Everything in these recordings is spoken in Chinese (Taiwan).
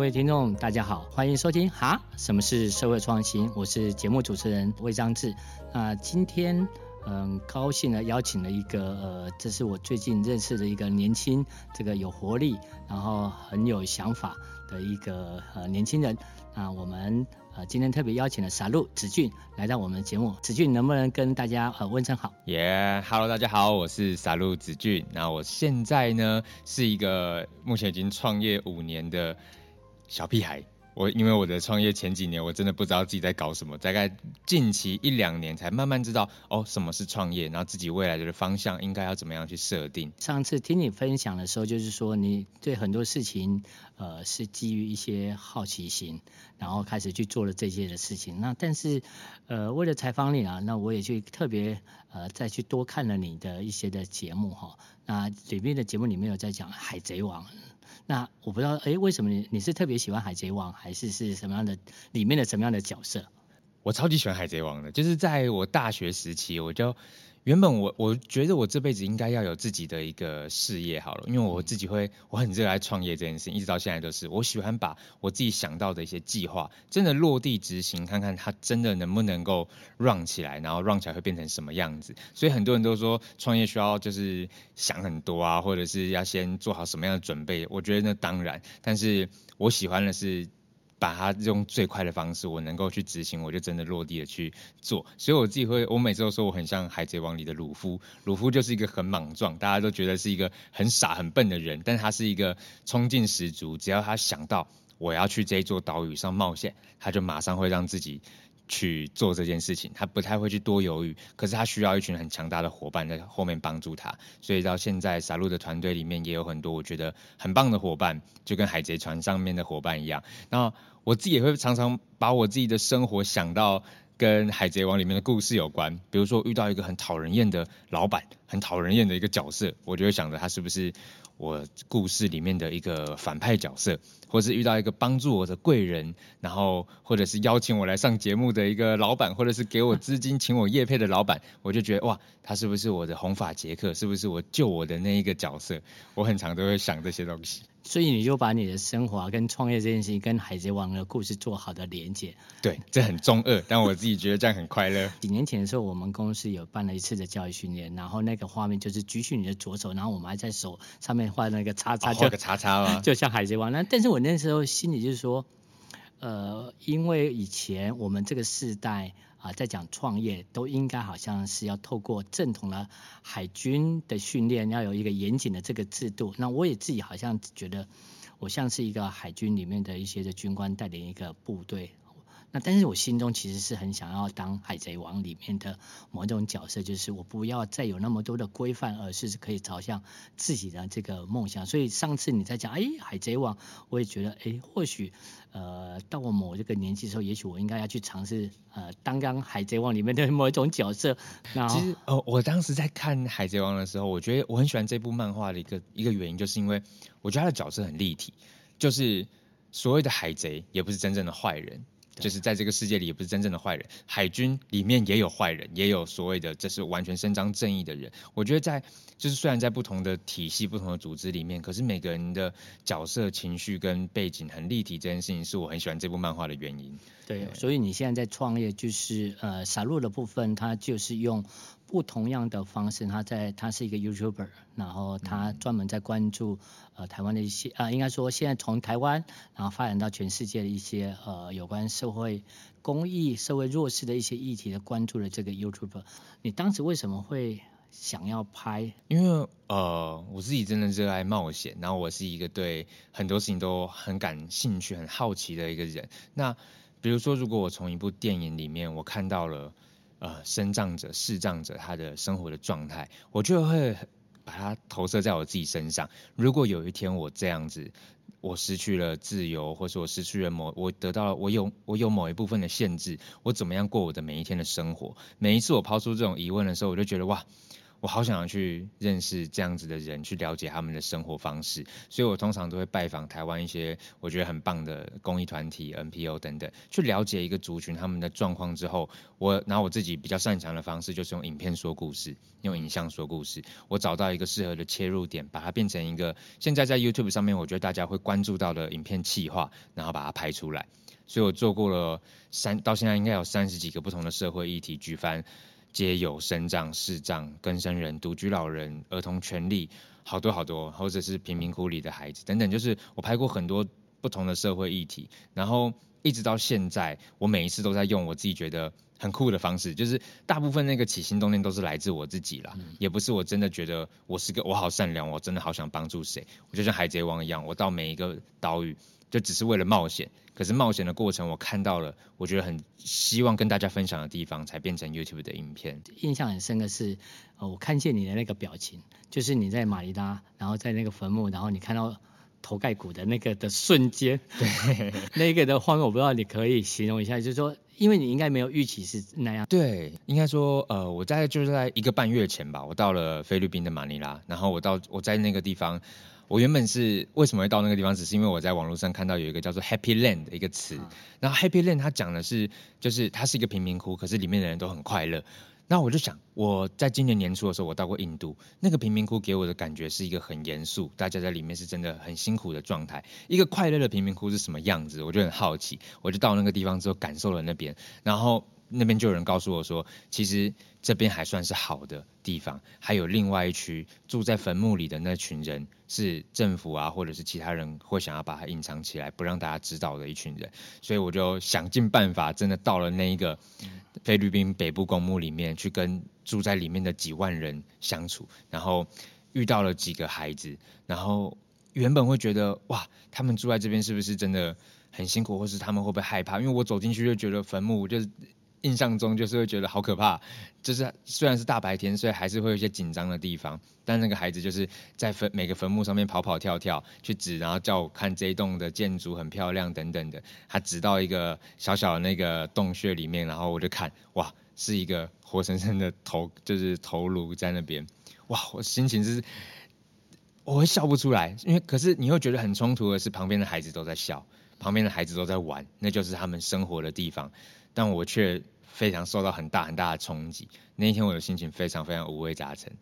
各位聽眾，大家好，歡迎收聽《哈，什麼是社會創新？》我是節目主持人魏章志。那、呃、今天，嗯、呃，高興的邀請了一個、呃，這是我最近認識的一個年輕、這個有活力，然後很有想法的一個呃年輕人。啊、呃，我們呃今天特別邀請了 SALU 子俊來到我們的節目。子俊，能不能跟大家呃問聲好？耶、yeah，Hello，大家好，我是 SALU 子俊。那我現在呢，是一個目前已經創業五年的小屁孩，我因為我的創業前幾年，我真的不知道自己在搞什麼。大概近期一兩年才慢慢知道，哦，什麼是創業，然後自己未來的方向應該要怎麼樣去設定。上次聽你分享的時候，就是說你對很多事情，呃，是基於一些好奇心，然後開始去做了這些的事情。那但是，呃，為了採訪你啊，那我也去特別呃再去多看了你的一些的節目哈。那裡面的節目裡面有在講《海賊王》。那我不知道，哎、欸，為什麼你你是特別喜歡海賊王，還是是什麼樣的裡面的什麼樣的角色？我超級喜歡海賊王的，就是在我大學時期我就。原本我我覺得我這輩子應該要有自己的一個事業好了，因為我自己會我很熱愛創業這件事情，一直到現在都是，我喜歡把我自己想到的一些計劃真的落地執行，看看它真的能不能夠 run 起來，然後 run 起來會變成什麼樣子。所以很多人都說創業需要就是想很多啊，或者是要先做好什麼樣的準備，我覺得那當然，但是我喜歡的是。把它用最快的方式，我能夠去執行，我就真的落地的去做。所以我自己會，我每次都說我很像《海賊王》裡的魯夫。魯夫就是一個很莽撞，大家都覺得是一個很傻很笨的人，但他是一個衝勁十足。只要他想到我要去這座島嶼上冒險，他就馬上會讓自己。去做這件事情，他不太會去多猶豫，可是他需要一群很強大的伙伴在後面幫助他，所以到現在 SALU 的團隊裡面也有很多我覺得很棒的伙伴，就跟海賊船上面的伙伴一樣。那我自己也會常常把我自己的生活想到跟海賊王裡面的故事有關，比如說遇到一個很討人厭的老板，很討人厭的一個角色，我就會想着他是不是。我故事裡面的一個反派角色，或是遇到一個幫助我的貴人，然後或者是邀請我來上節目的一個老闆，或者是給我資金請我業配的老闆，我就覺得哇，他是不是我的紅髮傑克？是不是我救我的那一個角色？我很常都會想這些東西。所以你就把你的生活跟創業這件事情跟《海賊王》的故事做好的連接，對，這很中二，但我自己覺得這樣很快樂。 幾年前的時候，我們公司有辦了一次的教育訓練，然後那個畫面就是舉起你的左手，然後我們還在手上面畫那個叉叉，哦，畫個叉叉 就像《海賊王》那。那但是我那時候心裡就是說，呃，因為以前我們這個世代。啊，在講創業都應該好像是要透過正統的海軍的訓練，要有一個嚴謹的這個制度。那我也自己好像覺得，我像是一個海軍裡面的一些的軍官帶領一個部隊。那但是我心中其實是很想要當海賊王裡面的某一種角色，就是我不要再有那麼多的規範，而是可以朝向自己的這個夢想。所以上次你在講哎、欸、海賊王，我也覺得哎、欸、或許呃到我某一個年紀的時候，也許我應該要去嘗試呃當剛海賊王裡面的某一種角色。其實、哦、我當時在看海賊王的時候，我覺得我很喜歡這部漫畫的一個一個原因，就是因為我覺得他的角色很立體，就是所謂的海賊也不是真正的壞人。就是在這個世界裡也不是真正的壞人，海軍裡面也有壞人，也有所謂的這是完全伸張正義的人。我覺得在就是雖然在不同的體系、不同的組織裡面，可是每個人的角色、情緒跟背景很立體，這件事情是我很喜歡這部漫畫的原因。對，對，所以你現在在創業，就是呃，SALU 的部分，它就是用。不同樣的方式，他在他是一個 YouTuber，然後他專門在關注呃台灣的一些啊，應該說現在從台灣然後發展到全世界的一些呃有關社會公益、社會弱勢的一些議題的關注的這個 YouTuber。你當時為什麼會想要拍？因為呃我自己真的熱愛冒險，然後我是一個對很多事情都很感興趣、很好奇的一個人。那比如說，如果我從一部電影裡面我看到了。呃，身障者、視障者，他的生活的狀態，我就會把它投射在我自己身上。如果有一天我這樣子，我失去了自由，或是我失去了某，我得到了，我有我有某一部分的限制，我怎麼樣過我的每一天的生活？每一次我拋出這種疑問的時候，我就覺得哇。我好想要去認識這樣子的人，去了解他們的生活方式，所以我通常都會拜訪台灣一些我覺得很棒的公益團體、NPO 等等，去了解一個族群他們的狀況之後，我拿我自己比較擅長的方式，就是用影片說故事，用影像說故事。我找到一個適合的切入點，把它變成一個現在在 YouTube 上面我覺得大家會關注到的影片企劃，然後把它拍出來。所以我做過了三到現在應該有三十幾個不同的社會議題，舉凡。皆友、身障、視障、更生人、獨居老人、兒童權利，好多好多，或者是貧民窟裡的孩子等等。就是我拍過很多不同的社會議題，然後一直到現在，我每一次都在用我自己覺得很酷的方式。就是大部分那個起心動念都是來自我自己啦，嗯、也不是我真的覺得我是個我好善良，我真的好想幫助誰。我就像海賊王一樣，我到每一個島嶼。就只是為了冒險，可是冒險的過程我看到了，我覺得很希望跟大家分享的地方，才變成 YouTube 的影片。印象很深的是，呃，我看見你的那個表情，就是你在馬尼拉，然後在那個墳墓，然後你看到頭蓋骨的那個的瞬間。對， 那一個的畫面我不知道你可以形容一下，就是說，因為你應該沒有預期是那樣。對，應該說，呃，我大概就是在一個半月前吧，我到了菲律賓的馬尼拉，然後我到我在那個地方。嗯我原本是為什麼會到那個地方，只是因為我在網絡上看到有一個叫做 Happy Land 的一個詞，oh. 然後 Happy Land 它講的是，就是它是一個貧民窟，可是裡面的人都很快樂。那我就想，我在今年年初的時候，我到過印度，那個貧民窟給我的感覺是一個很嚴肅，大家在裡面是真的很辛苦的狀態。一個快樂的貧民窟是什麼樣子？我就很好奇，我就到那個地方之後，感受了那邊，然後那邊就有人告訴我說，其實。這邊還算是好的地方，還有另外一區住在墳墓裡的那群人，是政府啊，或者是其他人會想要把它隱藏起來，不讓大家知道的一群人。所以我就想盡辦法，真的到了那一個菲律賓北部公墓裡面，去跟住在裡面的幾萬人相處，然後遇到了幾個孩子，然後原本會覺得哇，他們住在這邊是不是真的很辛苦，或是他們會不會害怕？因為我走進去就覺得墳墓就是。印象中就是會覺得好可怕，就是雖然是大白天，所以還是會有一些緊張的地方。但那個孩子就是在墳每個墳墓上面跑跑跳跳，去指，然後叫我看這一棟的建築很漂亮等等的。他指到一個小小那個洞穴裡面，然後我就看，哇，是一個活生生的頭，就是頭顱在那邊。哇，我心情就是我會笑不出來，因為可是你會覺得很衝突的是，旁邊的孩子都在笑，旁邊的孩子都在玩，那就是他們生活的地方，但我卻。非常受到很大很大的衝擊。那一天我的心情非常非常五味雜陳。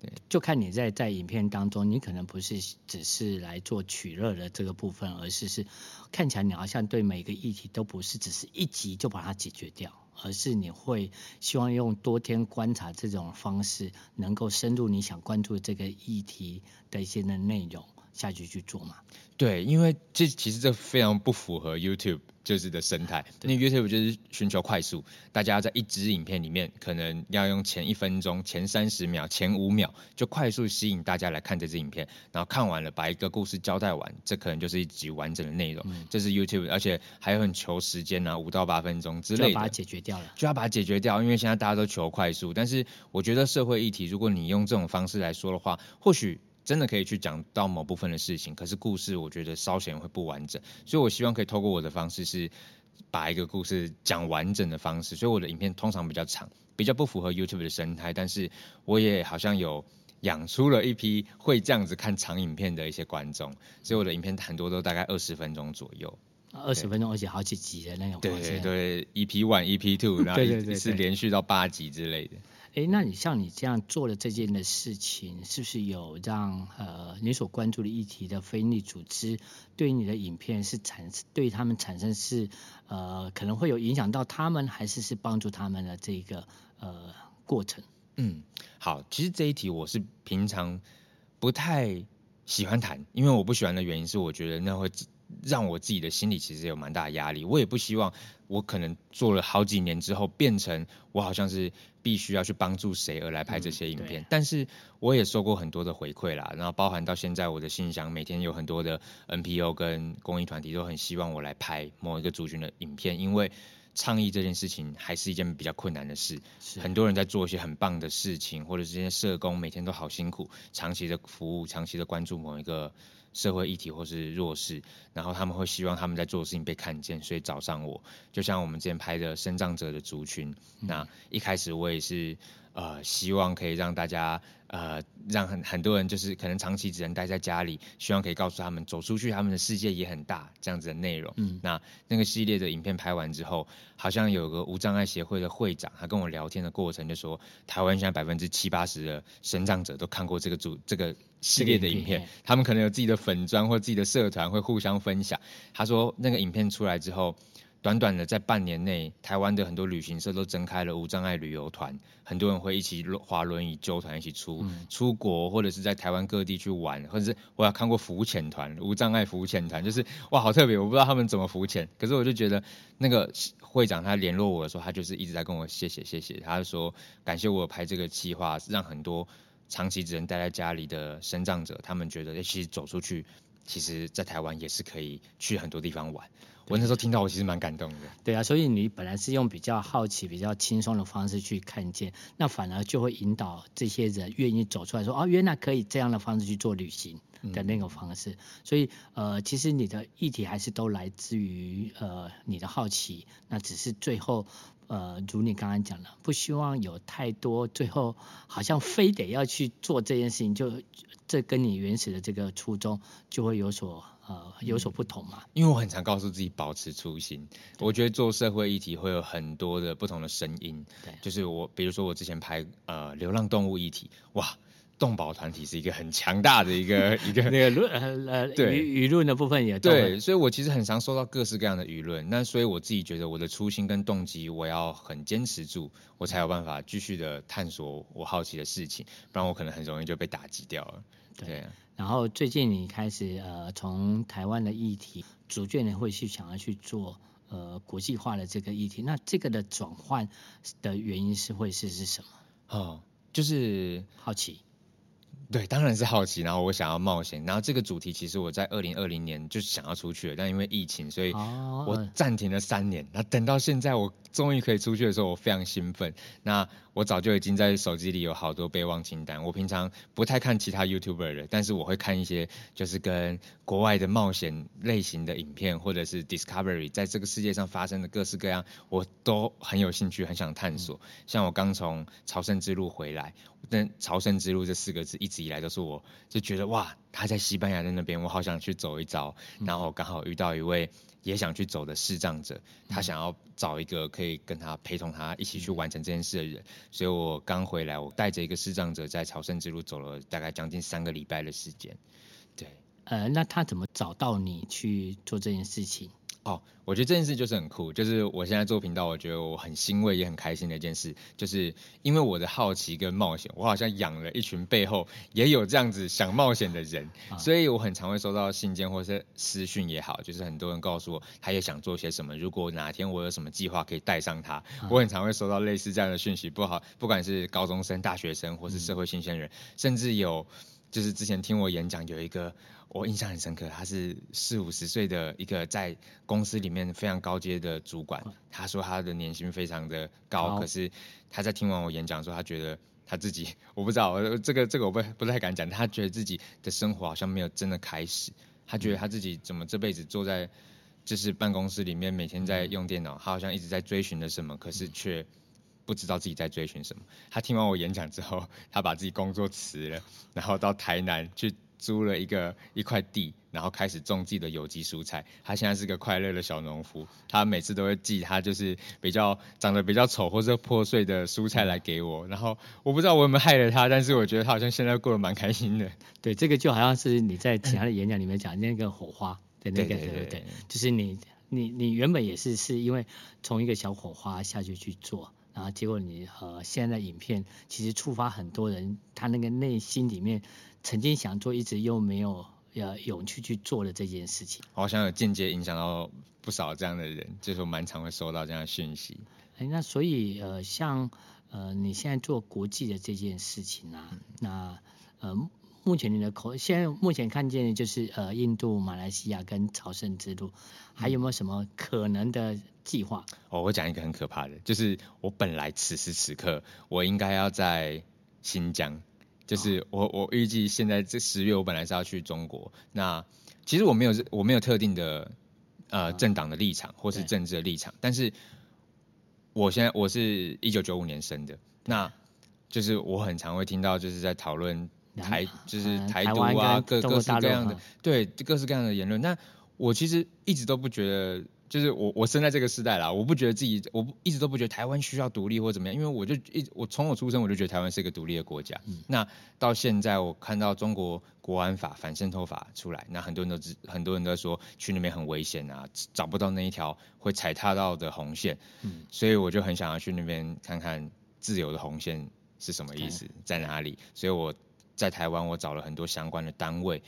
對，就看你在在影片當中，你可能不是只是來做取樂的這個部分，而是是看起來你好像對每個議題都不是只是一集就把它解決掉，而是你會希望用多天觀察這種方式，能夠深入你想關注這個議題的一些的內容。下去去做嘛？對，因為這其實這非常不符合 YouTube 就是的生態。因為 YouTube 就是尋求快速，大家在一支影片裡面可能要用前一分鐘、前三十秒、前五秒就快速吸引大家來看這支影片，然後看完了把一個故事交代完，這可能就是一集完整的內容。這是 YouTube，而且還有很求時間呢，五到八分鐘之類的，就要把它解決掉了。就要把它解決掉，因為現在大家都求快速。但是我覺得社會議題，如果你用這種方式來說的話，或許。真的可以去講到某部分的事情，可是故事我覺得稍顯會不完整，所以我希望可以透過我的方式是把一個故事講完整的方式，所以我的影片通常比較長，比較不符合 YouTube 的生態，但是我也好像有養出了一批會這樣子看長影片的一些觀眾，所以我的影片很多都大概二十分鐘左右，二十分鐘而且好幾集的那種。對對，EP One、EP Two，然後是連續到八集之類的。哎，那你像你這樣做的這件的事情，是不是有讓呃你所關注的議題的非營利組織，對你的影片是產，對他們產生是，呃可能會有影響到他們，還是是幫助他們的這一個呃過程？嗯，好，其實這一題我是平常不太喜歡談，因為我不喜歡的原因是我覺得那會。讓我自己的心裡其實有蠻大的壓力，我也不希望我可能做了好幾年之後，變成我好像是必須要去幫助誰而來拍這些影片。但是我也受過很多的回饋啦，然後包含到現在我的信箱，每天有很多的 NPO 跟公益團體都很希望我來拍某一個族群的影片，因為倡議這件事情還是一件比較困難的事。很多人在做一些很棒的事情，或者是這些社工每天都好辛苦，長期的服務，長期的關注某一個。社會議題或是弱勢，然後他們會希望他們在做的事情被看見，所以找上我。就像我們之前拍的生葬者的族群，嗯、那一開始我也是。呃，希望可以讓大家呃，讓很很多人就是可能長期只能待在家裡，希望可以告訴他們走出去，他們的世界也很大，這樣子的內容。嗯那，那那個系列的影片拍完之後，好像有個無障礙協會的會長，他跟我聊天的過程就說，台灣現在百分之七八十的身障者都看過這個組、這個系列的影片。對對對，他們可能有自己的粉專或自己的社團會互相分享。他說那個影片出來之後，短短的在半年內，台灣的很多旅行社都增開了無障礙旅遊團，很多人會一起滑輪椅揪團一起出出國，或者是在台灣各地去玩，或者是我有看過浮潛團，無障礙浮潛團，就是哇好特別，我不知道他們怎麼浮潛，可是我就覺得那個會長他聯絡我的時候，他就是一直在跟我謝謝謝謝，他就說感謝我拍這個計劃，讓很多長期只能待在家裡的身障者，他們覺得其實走出去，其實在台灣也是可以去很多地方玩。我那時候聽到，我其實蠻感動的對。對啊，所以你本來是用比較好奇、比較輕鬆的方式去看見，那反而就會引導這些人願意走出來說：“哦、啊，原來可以這樣的方式去做旅行的那個方式。嗯”所以，呃，其實你的議題還是都來自於呃你的好奇，那只是最後，呃，如你剛剛講的，不希望有太多最後好像非得要去做這件事情，就這跟你原始的這個初衷就會有所。呃，有所不同嘛，嗯？因為我很常告訴自己保持初心。我覺得做社會議題會有很多的不同的聲音。對，就是我，比如說我之前拍呃流浪動物議題，哇，動保團體是一個很強大的一個一個 那個呃呃，輿輿論的部分也對。所以，我其實很常受到各式各樣的輿論。那所以我自己覺得我的初心跟動機，我要很堅持住，我才有辦法繼續的探索我好奇的事情。不然我可能很容易就被打擊掉了。對、啊。然後最近你開始呃，從台灣的議題，逐漸的會去想要去做呃國際化的這個議題，那這個的轉換的原因是會是是什麼？哦，就是好奇。對，當然是好奇。然後我想要冒險。然後這個主題其實我在二零二零年就想要出去了，但因為疫情，所以我暫停了三年。那，哦，呃，等到現在我終於可以出去的時候，我非常興奮。那我早就已經在手機裡有好多備忘清單。我平常不太看其他 YouTuber 的，但是我會看一些就是跟國外的冒險類型的影片，或者是 Discovery 在這個世界上發生的各式各樣，我都很有興趣，很想探索。像我剛從朝聖之路回來，但朝聖之路這四個字一直以來都是我就覺得哇，他在西班牙的那邊，我好想去走一遭。然後剛好遇到一位。也想去走的視障者，他想要找一個可以跟他陪同、他一起去完成這件事的人。嗯，嗯。所以我剛回來，我帶着一個視障者在朝聖之路走了大概將近三個禮拜的時間。對，呃，那他怎麼找到你去做這件事情？好、oh,，我覺得這件事就是很酷，就是我現在做頻道，我覺得我很欣慰，也很開心的一件事，就是因為我的好奇跟冒險，我好像養了一群背後也有這樣子想冒險的人，啊、所以我很常會收到信件或是私訊也好，就是很多人告訴我他也想做些什麼，如果哪天我有什麼計劃可以帶上他，啊、我很常會收到類似這樣的訊息，不好，不管是高中生、大學生或是社會新鮮人，嗯、甚至有就是之前聽我演講有一個。我印象很深刻，他是四五十歲的一個在公司裡面非常高階的主管。他說他的年薪非常的高，可是他在聽完我演講的時候，他覺得他自己，我不知道，這個這個我不不太敢講。他覺得自己的生活好像沒有真的開始。他覺得他自己怎麼這輩子坐在就是辦公室裡面，每天在用電腦，他好像一直在追尋着什麼，可是卻不知道自己在追尋什麼。他聽完我演講之後，他把自己工作辭了，然後到台南去。租了一個一塊地，然後開始種自己的有機蔬菜。他現在是個快樂的小農夫，他每次都會寄他就是比較長得比較醜或者破碎的蔬菜來給我。然後我不知道我有沒有害了他，但是我覺得他好像現在過得蠻開心的。對，這個就好像是你在其他的演講裡面講、嗯、那個火花，對、那個、對對對對對。就是你你你原本也是是因為從一個小火花下去去做，然後結果你呃現在的影片其實觸發很多人他那個內心裡面。曾經想做，一直又沒有呃勇氣去做的這件事情，好像有間接影響到不少這樣的人，就是我蠻常會收到這樣的訊息、欸。那所以呃，像呃你現在做國際的這件事情啊，嗯、那呃目前你的口，現在目前看見的就是呃印度、馬來西亞跟朝聖之路，還有沒有什麼可能的計劃、嗯？哦，我講一個很可怕的，就是我本來此時此刻我應該要在新疆。就是我，我預計現在這十月，我本來是要去中國。那其實我沒有，我沒有特定的，呃，政黨的立場或是政治的立場。但是，我現在我是一九九五年生的，那就是我很常會聽到，就是在討論台、嗯，就是台獨啊，啊，各各式各樣的，啊、對各式各樣的言論。那我其實一直都不覺得。就是我，我生在這個時代啦，我不覺得自己，我不一直都不覺得台灣需要獨立或怎麼樣，因為我就一直，我從我出生我就覺得台灣是一個獨立的國家。嗯、那到現在我看到中國國安法、反滲透法出來，那很多人都知，很多人都說去那邊很危險啊，找不到那一條會踩踏到的紅線。嗯、所以我就很想要去那邊看看自由的紅線是什麼意思，嗯、在哪裡。所以我在台灣，我找了很多相關的單位。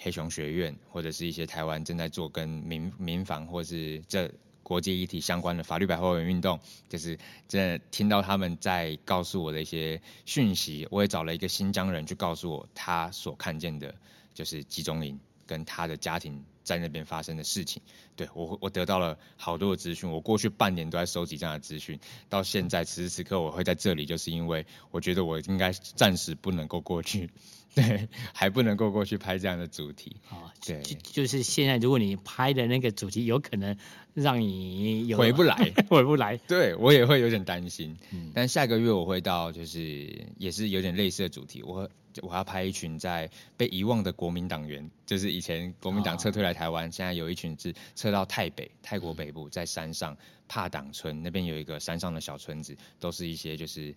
黑熊學院，或者是一些台灣正在做跟民民防或者是這國際議題相關，的法律白話文運動，就是真的聽到他們在告訴我的一些訊息。我也找了一個新疆人去告訴我他所看見的，就是集中營跟他的家庭，在那邊發生的事情，對，我我得到了好多的資訊。我過去半年都在收集這樣的資訊，到現在此時此刻我會在這裡，就是因為我覺得我應該暫時不能夠過去，對，還不能夠過去拍這樣的主題。啊，對，就就是現在，如果你拍的那個主題有可能讓你回不來，回不來，對我也會有點擔心。嗯，但下個月我會到，就是也是有點類似的主題，我。我要拍一群在被遺忘的國民黨員，就是以前國民黨撤退來台灣，現在有一群是撤到泰北泰國北部，在山上帕黨村那邊有一個山上的小村子，都是一些就是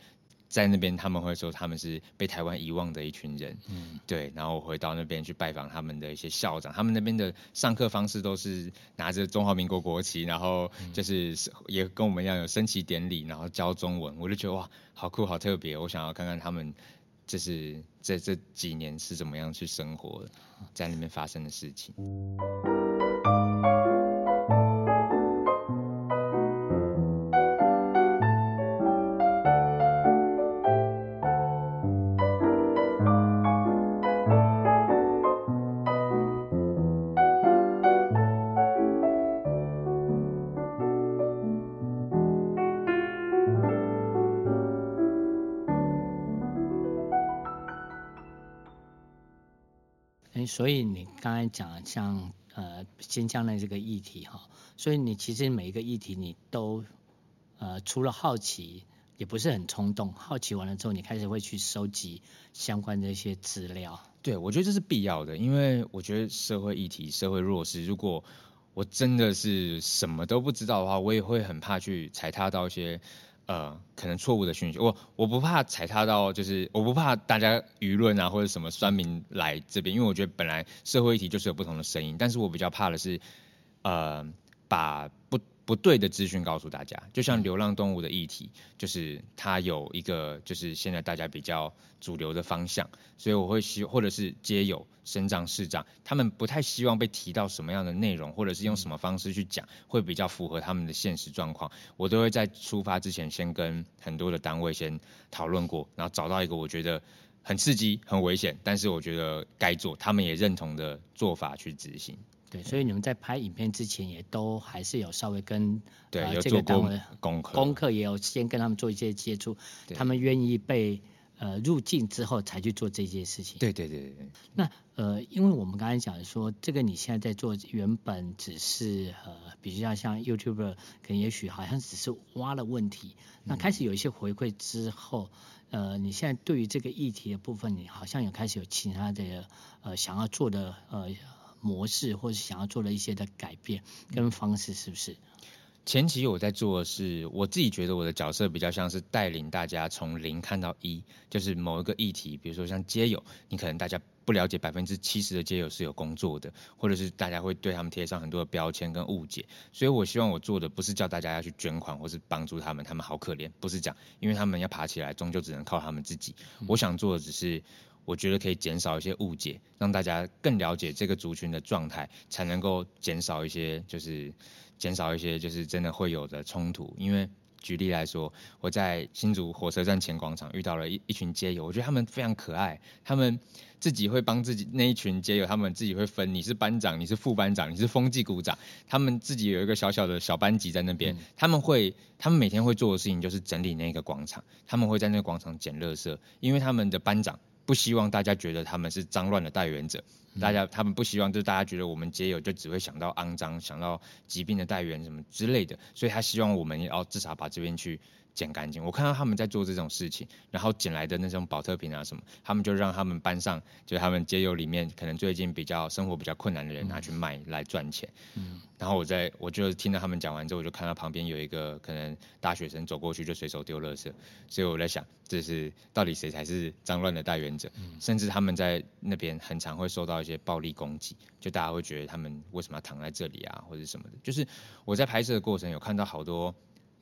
在那邊，他們會說他們是被台灣遺忘的一群人，嗯，對，然後我回到那邊去拜訪他們的一些校長，他們那邊的上課方式都是拿着中華民國國旗，然後就是也跟我們一樣有升旗典禮，然後教中文，我就覺得哇，好酷好特別，我想要看看他們。這是在這幾年是怎麼樣去生活在那邊發生的事情。 剛才講像呃新疆的這個議題哈，所以你其實每一個議題你都，呃除了好奇也不是很衝動，好奇完了之後你開始會去收集相關的一些資料。對，我覺得這是必要的，因為我覺得社會議題、社會弱勢，如果我真的是什麼都不知道的話，我也會很怕去踩踏到一些。呃，可能錯誤的訊息，我我不怕踩踏到，就是我不怕大家輿論啊，或者什麼酸民來這邊，因為我覺得本來社會議題就是有不同的聲音，但是我比較怕的是，呃，把不。不對的資訊告訴大家，就像流浪動物的議題，就是它有一個就是現在大家比較主流的方向，所以我會希或者是街友、身障、視障，他們不太希望被提到什麼樣的內容，或者是用什麼方式去講，會比較符合他們的現實狀況，我都會在出發之前先跟很多的單位先討論過，然後找到一個我覺得很刺激、很危險，但是我覺得該做，他們也認同的做法去執行。對，所以你們在拍影片之前，也都還是有稍微跟對、呃、有工這個單位功課，功課也有先跟他們做一些接觸，他們願意被呃入境之後才去做這些事情。對對對對。那呃，因為我們剛才講說，這個你現在在做原本只是呃，比較像，像 YouTuber，可能也許好像只是挖了問題。嗯、那開始有一些回饋之後，呃，你現在對於這個議題的部分，你好像有開始有其他的呃想要做的呃。模式或是想要做的一些的改變跟方式，是不是？前期我在做的是，我自己覺得我的角色比較像是帶領大家從零看到一，就是某一個議題，比如說像街友，你可能大家不了解百分之七十的街友是有工作的，或者是大家會對他們貼上很多的標籤跟誤解，所以我希望我做的不是叫大家要去捐款或是幫助他們，他們好可憐，不是這樣，因為他們要爬起來，終究只能靠他們自己。我想做的只是，我覺得可以減少一些誤解，讓大家更了解這個族群的狀態，才能夠減少一些，就是減少一些，就是真的會有的衝突。因為舉例來說，我在新竹火車站前廣場遇到了一一群街友，我覺得他們非常可愛，他們自己會幫自己那一群街友，他們自己會分，你是班長，你是副班長，你是風紀股長，他們自己有一個小小的小班級在那邊，他們會，他們每天會做的事情就是整理那個廣場，他們會在那個廣場撿垃圾，因為他們的班長。不希望大家覺得他們是髒亂的代言者。大家他們不希望，就是大家覺得我們街友就只會想到骯髒、想到疾病的帶原什麼之類的，所以他希望我們也要至少把這邊去撿乾淨。我看到他們在做這種事情，然後撿來的那種保特瓶啊什麼，他們就讓他們班上，就他們街友裡面可能最近比較生活比較困難的人拿去賣來賺錢。嗯。然後我在我就聽到他們講完之後，我就看到旁邊有一個可能大學生走過去就隨手丟垃圾，所以我在想，這是到底誰才是髒亂的帶原者，嗯？甚至他們在那邊很常會受到。有些暴力攻擊，就大家會覺得他們為什麼要躺在這裡啊，或者什麼的。就是我在拍攝的過程有看到好多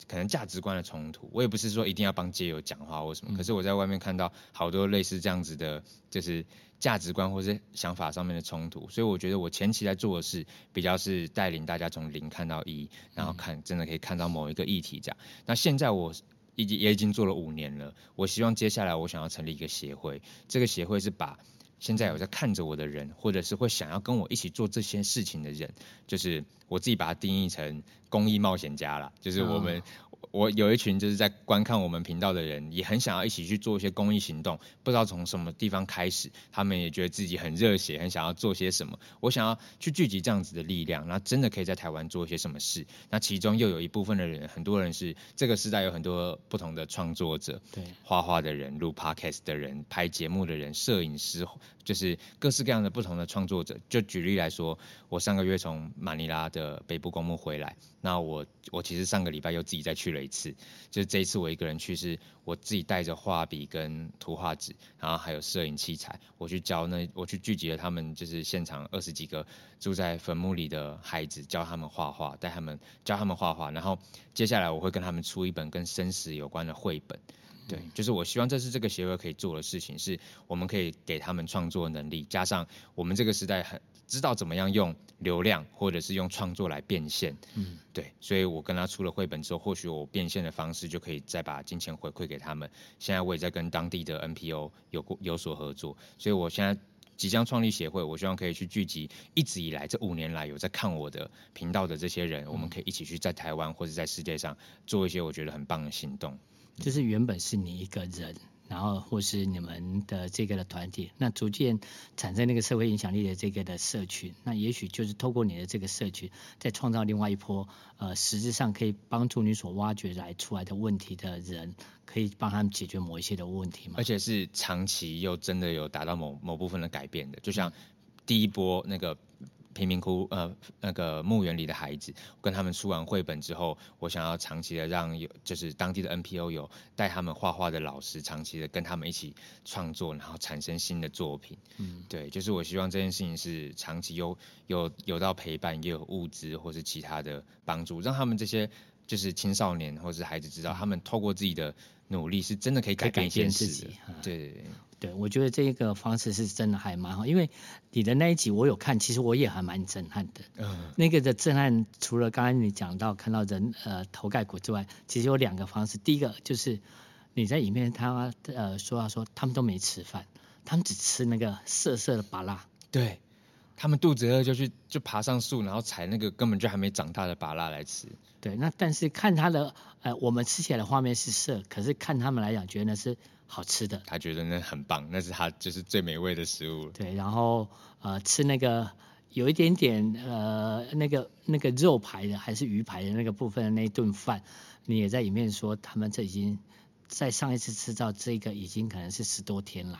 可能價值觀的衝突。我也不是說一定要幫街友講話或什麼，可是我在外面看到好多類似這樣子的，就是價值觀或是想法上面的衝突。所以我覺得我前期在做的事比較是帶領大家從零看到一，然後看真的可以看到某一個議題這樣。那現在我已經也已經做了五年了，我希望接下來我想要成立一個協會，這個協會是把。現在有在看着我的人，或者是會想要跟我一起做這些事情的人，就是我自己把它定義成公益冒險家了，就是我們。哦。我有一群就是在觀看我們頻道的人，也很想要一起去做一些公益行動，不知道從什麼地方開始，他們也覺得自己很熱血，很想要做些什麼。我想要去聚集這樣子的力量，那真的可以在台灣做一些什麼事。那其中又有一部分的人，很多人是這個時代有很多不同的創作者，對，畫畫的人、錄 Podcast 的人、拍節目的人、攝影師，就是各式各樣的不同的創作者。就舉例來說，我上個月從馬尼拉的北部公墓回來。那我我其實上個禮拜又自己再去了一次，就是這一次我一個人去，是我自己帶着畫筆跟圖畫紙，然後還有攝影器材，我去教那我去聚集了他們，就是現場二十幾個住在墳墓裡的孩子，教畫畫，教他們畫畫，帶他們教他們畫畫，然後接下來我會跟他們出一本跟生死有關的繪本。嗯，對，就是我希望這是這個協會可以做的事情，是我們可以給他們創作能力，加上我們這個時代很。知道怎麼樣用流量或者是用創作來變現，嗯，對，所以我跟他出了繪本之後，或許我變現的方式就可以再把金錢回饋給他們。現在我也在跟當地的 NPO 有過有所合作，所以我現在即將創立協會，我希望可以去聚集一直以來這五年來有在看我的頻道的這些人，我們可以一起去在台灣或者在世界上做一些我覺得很棒的行動。就是原本是你一個人。然後，或是你們的這個的團體，那逐漸產生那個社會影響力的這個的社群，那也許就是透過你的這個社群，再創造另外一波，呃，實質上可以幫助你所挖掘來出來的問題的人，可以幫他們解決某一些的問題嘛？而且是長期又真的有達到某某部分的改變的，就像第一波那個。貧民窟呃，那個墓園裡的孩子，跟他們出完繪本之後，我想要長期的讓有就是當地的 NPO 有帶他們畫畫的老師，長期的跟他們一起創作，然後產生新的作品。嗯，對，就是我希望這件事情是長期有有有到陪伴，也有物資或是其他的幫助，讓他們這些。就是青少年或者是孩子知道，他們透過自己的努力，是真的可以改變,以改變自己、啊。對對,對,對對，對我覺得這個方式是真的還蠻好，因為你的那一集我有看，其實我也還蠻震撼的。嗯，那個的震撼除了剛才你講到看到人呃頭蓋骨之外，其實有兩個方式。第一個就是你在影片他呃說啊，說他們都沒吃飯，他們只吃那個澀澀的芭樂。對，他們肚子餓就去就爬上樹，然後踩那個根本就還沒長大的芭樂來吃。對，那但是看他的，呃，我們吃起來的畫面是色。可是看他們來講，覺得那是好吃的。他覺得那很棒，那是他就是最美味的食物。對，然後呃，吃那個有一點點呃那個那個肉排的還是魚排的那個部分的那一頓飯，你也在裡面說，他們這已經在上一次吃到這個，已經可能是十多天來。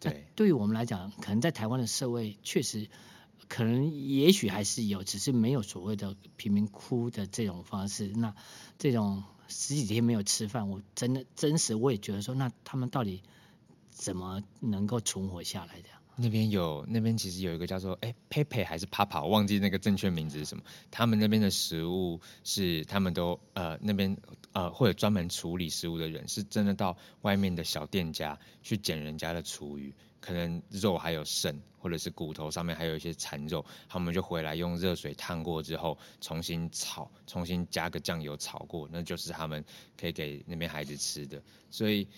對，對於我們來講，可能在台灣的社會確實。可能也許還是有，只是沒有所謂的貧民窟的這種方式。那這種十幾天沒有吃飯，我真的真實我也覺得說，那他們到底怎麼能夠存活下來的啊？那邊有，那邊其實有一個叫做哎，佩佩還是帕帕，我忘記那個正確名字是什麼。他們那邊的食物是他們都呃，那邊呃，會有專門處理食物的人，是真的到外面的小店家去撿人家的廚餘。可能肉還有剩，或者是骨頭上面還有一些殘肉，他們就回來用熱水燙過之後，重新炒，重新加個醬油炒過，那就是他們可以給那邊孩子吃的，所以。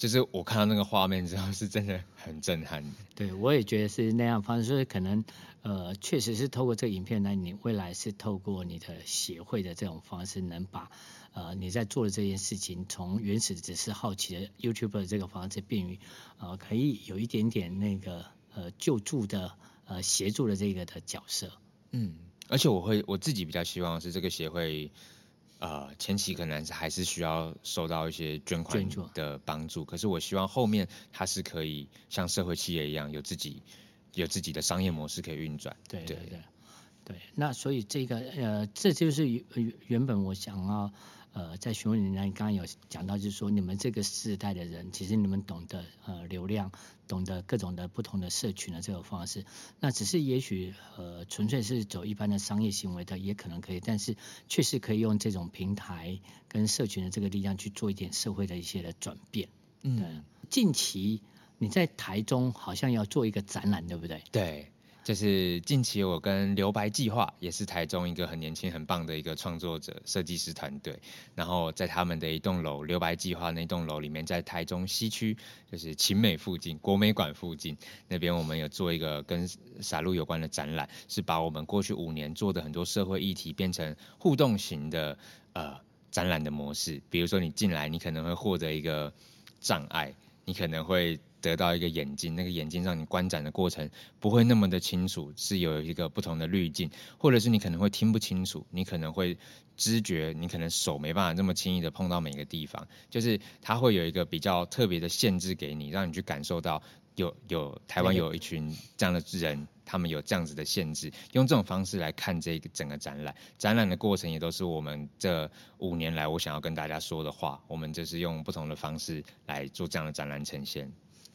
就是我看到那個畫面之後，是真的很震撼。對，我也覺得是那樣方式。所以可能，呃，確實是透過這個影片，來你未來是透過你的協會的這種方式，能把，呃，你在做的這件事情，從原始只是好奇的 YouTuber 這個方式，變於，呃，可以有一點點那個呃救助的呃協助的這個的角色。嗯，而且我會我自己比較希望是這個協會。呃，前期可能還是需要受到一些捐款的幫助，可是我希望後面它是可以像社會企業一樣有自己，有自己的商業模式可以運轉。對對對，對，那所以這個呃，這就是原本我想要，呃，在詢問你呢？你剛剛有講到，就是說你們這個世代的人，其實你們懂得呃流量，懂得各種的不同的社群的這個方式。那只是也許呃，純粹是走一般的商業行為的，也可能可以。但是確實可以用這種平台跟社群的這個力量去做一點社會的一些的轉變。嗯，近期你在台中好像要做一個展覽，對不對？對。就是近期我跟留白計劃，也是台中一個很年輕很棒的一個創作者設計師團隊，然後在他們的一棟樓留白計劃那棟樓裡面，在台中西區就是勤美附近國美館附近那邊，我們有做一個跟 SALU 有關的展覽，是把我們過去五年做的很多社會議題變成互動型的呃展覽的模式。比如說你進來，你可能會獲得一個障礙。你可能會得到一個眼鏡，那個眼鏡讓你觀展的過程不會那麼的清楚，是有一個不同的濾鏡，或者是你可能會聽不清楚，你可能會知覺，你可能手沒辦法那麼輕易的碰到每個地方，就是它會有一個比較特別的限制給你，讓你去感受到有有台灣有一群這樣的人。對對對對。他們有這樣子的限制，用這種方式來看這個整個展覽，展覽的過程也都是我們這五年來我想要跟大家說的話。我們就是用不同的方式來做這樣的展覽呈現。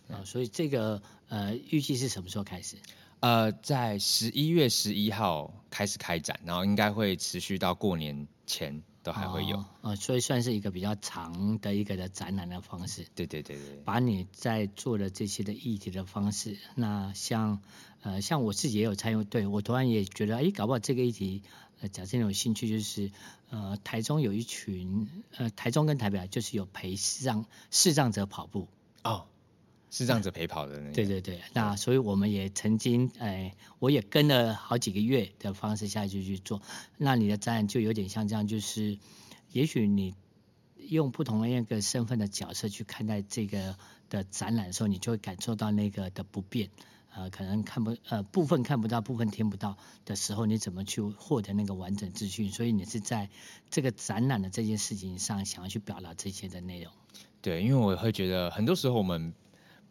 啊、哦，所以這個呃，預計是什麼時候開始？呃，在十一月十一號開始開展，然後應該會持續到過年前都還會有。啊、哦呃，所以算是一個比較長的一個的展覽的方式。對對對對。把你在做的這些的議題的方式，那像。呃，像我自己也有參與，對，我突然也覺得，哎、欸，搞不好這個議題，講、呃、假設有興趣，就是，呃，台中有一群，呃，台中跟台北就是有陪視障視障者跑步，哦，視障者陪跑的那個呃、對對對，對，那所以我們也曾經，哎、呃，我也跟了好幾個月的方式下去去做，那你的展覽就有點像這樣，就是，也許你用不同的那個身份的角色去看待這個的展覽的時候，你就會感受到那個的不便。呃，可能看不、呃部分看不到，部分聽不到的時候，你怎麼去獲得那個完整資訊？所以你是在這個展覽的這件事情上想要去表達這些的內容。對，因為我會覺得很多時候我們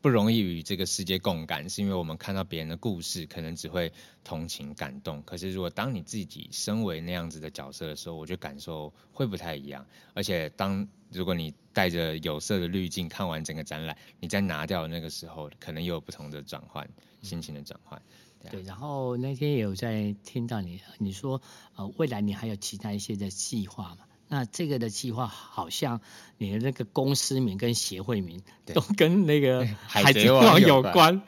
不容易與這個世界共感，是因為我們看到別人的故事，可能只會同情感動。可是如果當你自己身為那樣子的角色的時候，我就感受會不太一樣。而且當如果你帶着有色的濾鏡看完整個展覽，你再拿掉那個時候，可能又有不同的轉換，心情的轉換、嗯啊。對，然後那天也有在聽到你，你說呃，未來你還有其他一些的計劃嘛？那這個的計劃好像你的那個公司名跟協會名都跟那個海賊王有關。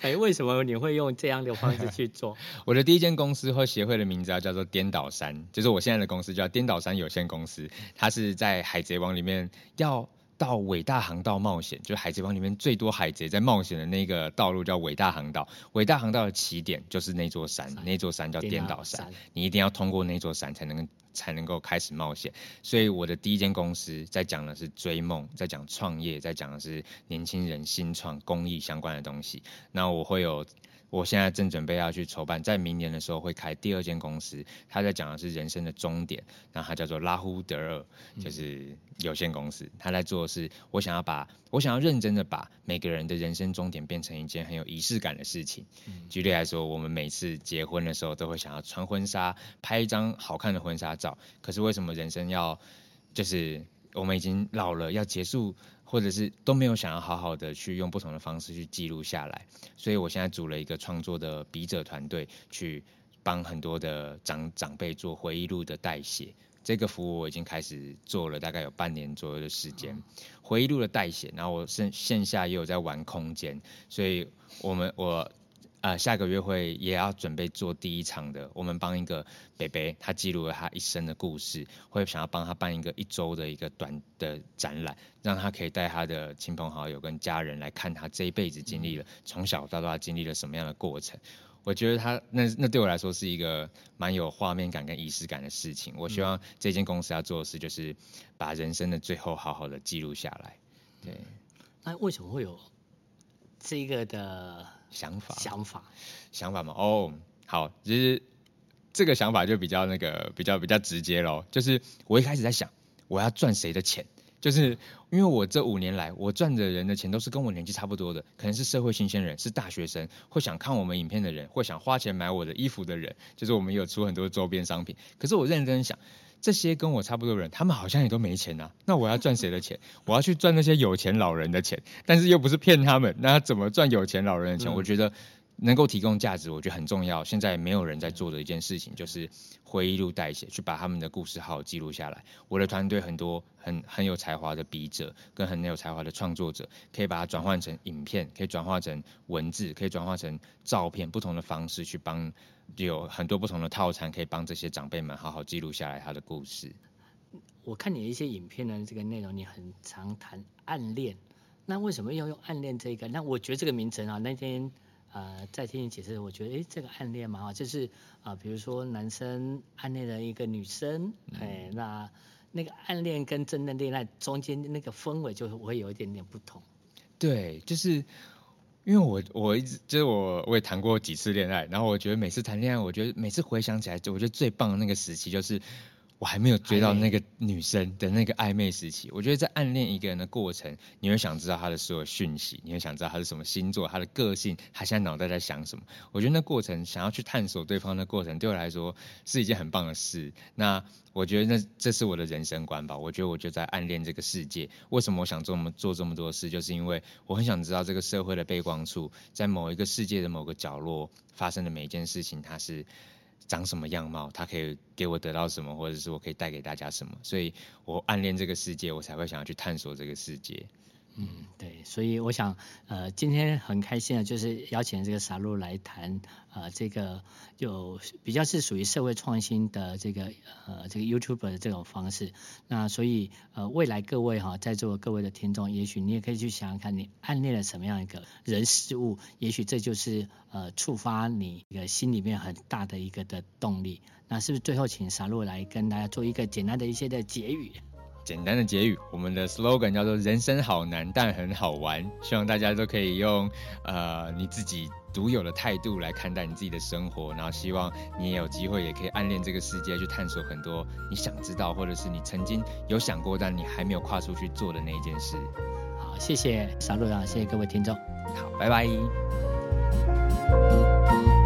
哎、欸，為什麼你會用這樣的方式去做？ 我的第一間公司或協會的名字要叫做“顛倒山”，就是我現在的公司叫“顛倒山有限公司”。它是在《海賊王》裡面要到偉大航道冒險，就是《海賊王》裡面最多海賊在冒險的那個道路叫偉大航道。偉大航道的起點就是那座山，啊、那座山叫顛倒山，你一定要通過那座山才能。才能夠開始冒險，所以我的第一間公司在講的是追夢，在講創業，在講的是年輕人新創公益相關的東西。那我會有。我現在正準備要去籌辦，在明年的時候會開第二間公司，他在講的是人生的終點，然後他叫做拉胡德爾，就是有限公司。嗯、他在做的是，我想要把，我想要認真的把每個人的人生終點變成一件很有儀式感的事情。嗯、舉例來說，我們每次結婚的時候都會想要穿婚紗，拍一張好看的婚紗照。可是為什麼人生要，就是，我們已經老了，要結束，或者是都沒有想要好好的去用不同的方式去記錄下來，所以我現在組了一個創作的筆者團隊，去幫很多的長長輩做回憶錄的代寫。這個服務我已經開始做了，大概有半年左右的時間。回憶錄的代寫，然後我線線下也有在玩空間，所以我們我。啊、呃，下個月會也要準備做第一場的。我們幫一個北北，他記錄了他一生的故事，會想要幫他辦一個一周的一個短的展覽，讓他可以帶他的親朋好友跟家人來看他這一輩子經歷了從小到大經歷了什麼樣的過程。我覺得他那那對我來說是一個蠻有畫面感跟儀式感的事情。我希望這間公司要做的事就是把人生的最後好好的記錄下來，對、嗯。對、哎，那為什麼會有這個的？想法，想法，想法嘛，哦、oh，好，其實這個想法就比較那個，比較比較直接咯，就是我一開始在想，我要賺誰的錢？就是因為我這五年來，我賺的人的錢都是跟我年紀差不多的，可能是社會新鮮人，是大學生，或想看我們影片的人，或想花錢買我的衣服的人。就是我們有出很多周邊商品。可是我認真想，這些跟我差不多的人，他們好像也都沒錢啊。那我要賺誰的錢？ 我要去賺那些有錢老人的錢，但是又不是騙他們。那怎麼賺有錢老人的錢？嗯、我覺得。能夠提供價值，我覺得很重要。現在沒有人在做的一件事情，就是回憶錄代寫，去把他們的故事好好記錄下來。我的團隊很多很很有才華的筆者，跟很有才華的創作者，可以把它轉換成影片，可以轉換成文字，可以轉換成照片，不同的方式去幫，有很多不同的套餐，可以幫這些長輩們好好記錄下來他的故事。我看你的一些影片呢，這個內容你很常談暗戀，那為什麼要用暗戀這個？那我覺得這個名稱啊，那天。呃，再聽你解釋，我覺得哎、欸，這個暗戀嘛，就是啊、呃，比如說男生暗戀的一個女生，哎、嗯欸，那那個暗戀跟真的戀愛中間那個氛圍就會會有一點點不同。對，就是因為我我一直就是我我也談過幾次戀愛，然後我覺得每次談戀愛，我覺得每次回想起來，我覺得最棒的那個時期就是。我還沒有追到那個女生的那個曖昧時期，我覺得在暗戀一個人的過程，你會想知道她的所有訊息，你會想知道她是什麼星座，她的個性，她現在腦袋在想什麼。我覺得那過程，想要去探索對方的過程，對我來說是一件很棒的事。那我覺得那這是我的人生觀吧。我覺得我就在暗戀這個世界。為什麼我想做麼做這麼多事，就是因為我很想知道這個社會的背光處，在某一個世界的某個角落發生的每一件事情，它是。長什麼樣貌，他可以給我得到什麼，或者是我可以帶給大家什麼，所以我暗戀這個世界，我才會想要去探索這個世界。嗯，對，所以我想，呃，今天很開心的，就是邀請這個 SALU 來談，啊、呃，這個就比較是屬於社會創新的這個，呃，這個 YouTuber 的這種方式。那所以，呃，未來各位哈、啊，在座各位的聽眾，也許你也可以去想想看，你暗戀了什麼樣一個人事物，也許這就是呃，觸發你一個心裡面很大的一個的動力。那是不是最後請 SALU 來跟大家做一個簡單的一些的結語？簡單的結語，我們的 slogan 叫做“人生好難，但很好玩”。希望大家都可以用呃你自己獨有的態度來看待你自己的生活，然後希望你也有機會，也可以暗戀這個世界，去探索很多你想知道或者是你曾經有想過，但你還沒有跨出去做的那一件事。好，謝謝 SALU 啊，謝謝各位聽眾，好，拜拜。